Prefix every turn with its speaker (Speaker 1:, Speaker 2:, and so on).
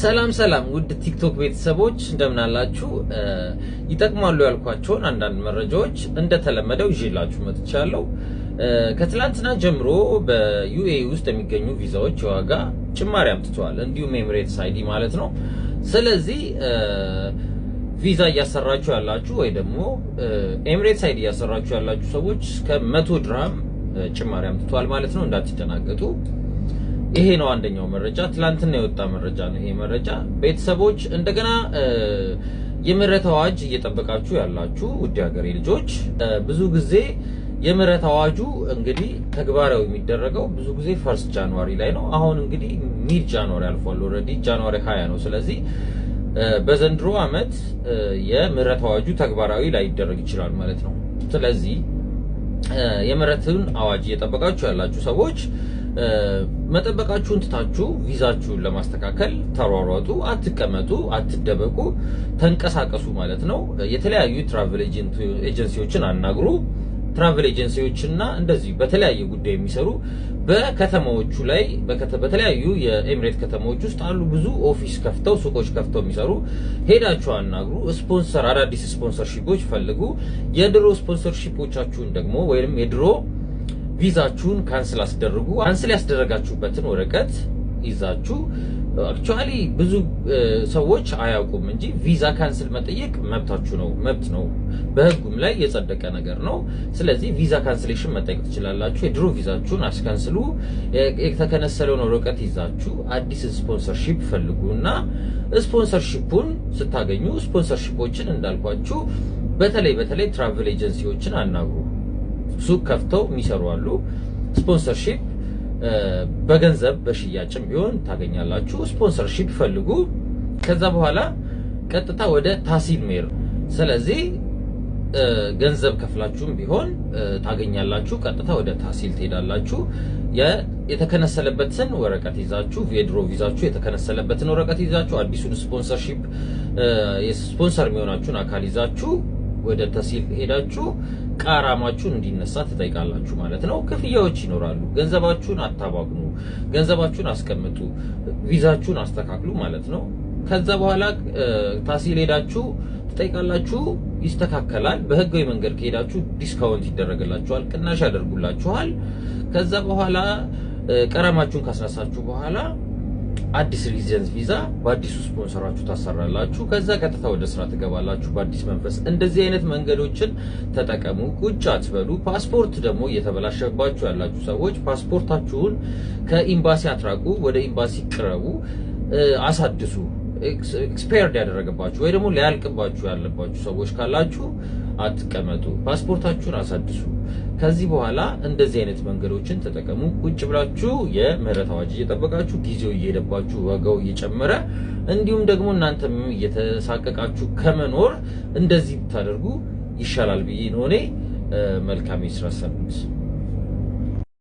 Speaker 1: ሰላም ሰላም ውድ ቲክቶክ ቤተሰቦች እንደምን አላችሁ? ይጠቅማሉ ያልኳቸውን አንዳንድ መረጃዎች እንደተለመደው ይዤላችሁ መጥቻለሁ። ከትላንትና ጀምሮ በዩኤኢ ውስጥ የሚገኙ ቪዛዎች የዋጋ ጭማሪ አምጥተዋል፣ እንዲሁም ኤምሬትስ አይዲ ማለት ነው። ስለዚህ ቪዛ እያሰራችሁ ያላችሁ ወይ ደግሞ ኤምሬትስ አይዲ እያሰራችሁ ያላችሁ ሰዎች እስከ መቶ ድራም ጭማሪ አምጥተዋል ማለት ነው። እንዳትደናገጡ ይሄ ነው አንደኛው መረጃ። ትላንትና የወጣ መረጃ ነው። ይሄ መረጃ ቤተሰቦች እንደገና የምህረት አዋጅ እየጠበቃችሁ ያላችሁ ውድ ሀገሬ ልጆች ብዙ ጊዜ የምህረት አዋጁ እንግዲህ ተግባራዊ የሚደረገው ብዙ ጊዜ ፈርስት ጃንዋሪ ላይ ነው። አሁን እንግዲህ ሚድ ጃንዋሪ አልፏል። ኦልሬዲ ጃንዋሪ 20 ነው። ስለዚህ በዘንድሮ ዓመት የምህረት አዋጁ ተግባራዊ ይደረግ ይችላል ማለት ነው። ስለዚህ የምህረትን አዋጅ እየጠበቃችሁ ያላችሁ ሰዎች መጠበቃችሁን ትታችሁ ቪዛችሁን ለማስተካከል ተሯሯጡ፣ አትቀመጡ፣ አትደበቁ፣ ተንቀሳቀሱ ማለት ነው። የተለያዩ ትራቨል ኤጀንሲዎችን አናግሩ። ትራቨል ኤጀንሲዎችና እንደዚህ በተለያየ ጉዳይ የሚሰሩ በከተማዎቹ ላይ በተለያዩ የኤምሬት ከተማዎች ውስጥ አሉ። ብዙ ኦፊስ ከፍተው ሱቆች ከፍተው የሚሰሩ ሄዳችሁ አናግሩ። ስፖንሰር አዳዲስ ስፖንሰርሺፖች ፈልጉ። የድሮ ስፖንሰርሺፖቻችሁን ደግሞ ወይም የድሮ ቪዛችሁን ካንስል አስደርጉ። ካንስል ያስደረጋችሁበትን ወረቀት ይዛችሁ አክቹአሊ ብዙ ሰዎች አያውቁም እንጂ ቪዛ ካንስል መጠየቅ መብታችሁ ነው፣ መብት ነው። በህጉም ላይ የጸደቀ ነገር ነው። ስለዚህ ቪዛ ካንስሌሽን መጠየቅ ትችላላችሁ። የድሮ ቪዛችሁን አስካንስሉ። የተከነሰለውን ወረቀት ይዛችሁ አዲስ ስፖንሰርሺፕ ፈልጉ እና ስፖንሰርሺፑን ስታገኙ ስፖንሰርሺፖችን እንዳልኳችሁ በተለይ በተለይ ትራቭል ኤጀንሲዎችን አናግሩ። ሱቅ ከፍተው የሚሰሩ አሉ። ስፖንሰርሺፕ በገንዘብ በሽያጭም ቢሆን ታገኛላችሁ። ስፖንሰርሺፕ ፈልጉ። ከዛ በኋላ ቀጥታ ወደ ታሲል ሜር። ስለዚህ ገንዘብ ከፍላችሁም ቢሆን ታገኛላችሁ። ቀጥታ ወደ ታሲል ትሄዳላችሁ። የተከነሰለበትን ወረቀት ይዛችሁ የድሮ ቪዛችሁ የተከነሰለበትን ወረቀት ይዛችሁ አዲሱን ስፖንሰርሺፕ ስፖንሰር የሚሆናችሁን አካል ይዛችሁ ወደ ተሲል ሄዳችሁ ቃራማችሁን እንዲነሳ ትጠይቃላችሁ ማለት ነው። ክፍያዎች ይኖራሉ። ገንዘባችሁን አታባግኑ ገንዘባችሁን አስቀምጡ፣ ቪዛችሁን አስተካክሉ ማለት ነው። ከዛ በኋላ ታሲል ሄዳችሁ ትጠይቃላችሁ፣ ይስተካከላል። በህጋዊ መንገድ ከሄዳችሁ ዲስካውንት ይደረግላችኋል፣ ቅናሽ ያደርጉላችኋል። ከዛ በኋላ ቀረማችሁን ካስነሳችሁ በኋላ አዲስ ሬዚደንስ ቪዛ በአዲሱ ስፖንሰራችሁ ታሰራላችሁ። ከዛ ቀጥታ ወደ ስራ ትገባላችሁ በአዲስ መንፈስ። እንደዚህ አይነት መንገዶችን ተጠቀሙ፣ ቁጭ አትበሉ። ፓስፖርት ደግሞ እየተበላሸባችሁ ያላችሁ ሰዎች ፓስፖርታችሁን ከኢምባሲ አትራቁ፣ ወደ ኢምባሲ ቅረቡ፣ አሳድሱ። ኤክስፓየርድ ያደረገባችሁ ወይ ደግሞ ሊያልቅባችሁ ያለባችሁ ሰዎች ካላችሁ አትቀመጡ፣ ፓስፖርታችሁን አሳድሱ። ከዚህ በኋላ እንደዚህ አይነት መንገዶችን ተጠቀሙ። ቁጭ ብላችሁ የምህረት አዋጅ እየጠበቃችሁ ጊዜው እየሄደባችሁ ዋጋው እየጨመረ እንዲሁም ደግሞ እናንተም እየተሳቀቃችሁ ከመኖር እንደዚህ ብታደርጉ ይሻላል ብዬ ነው እኔ። መልካም የስራ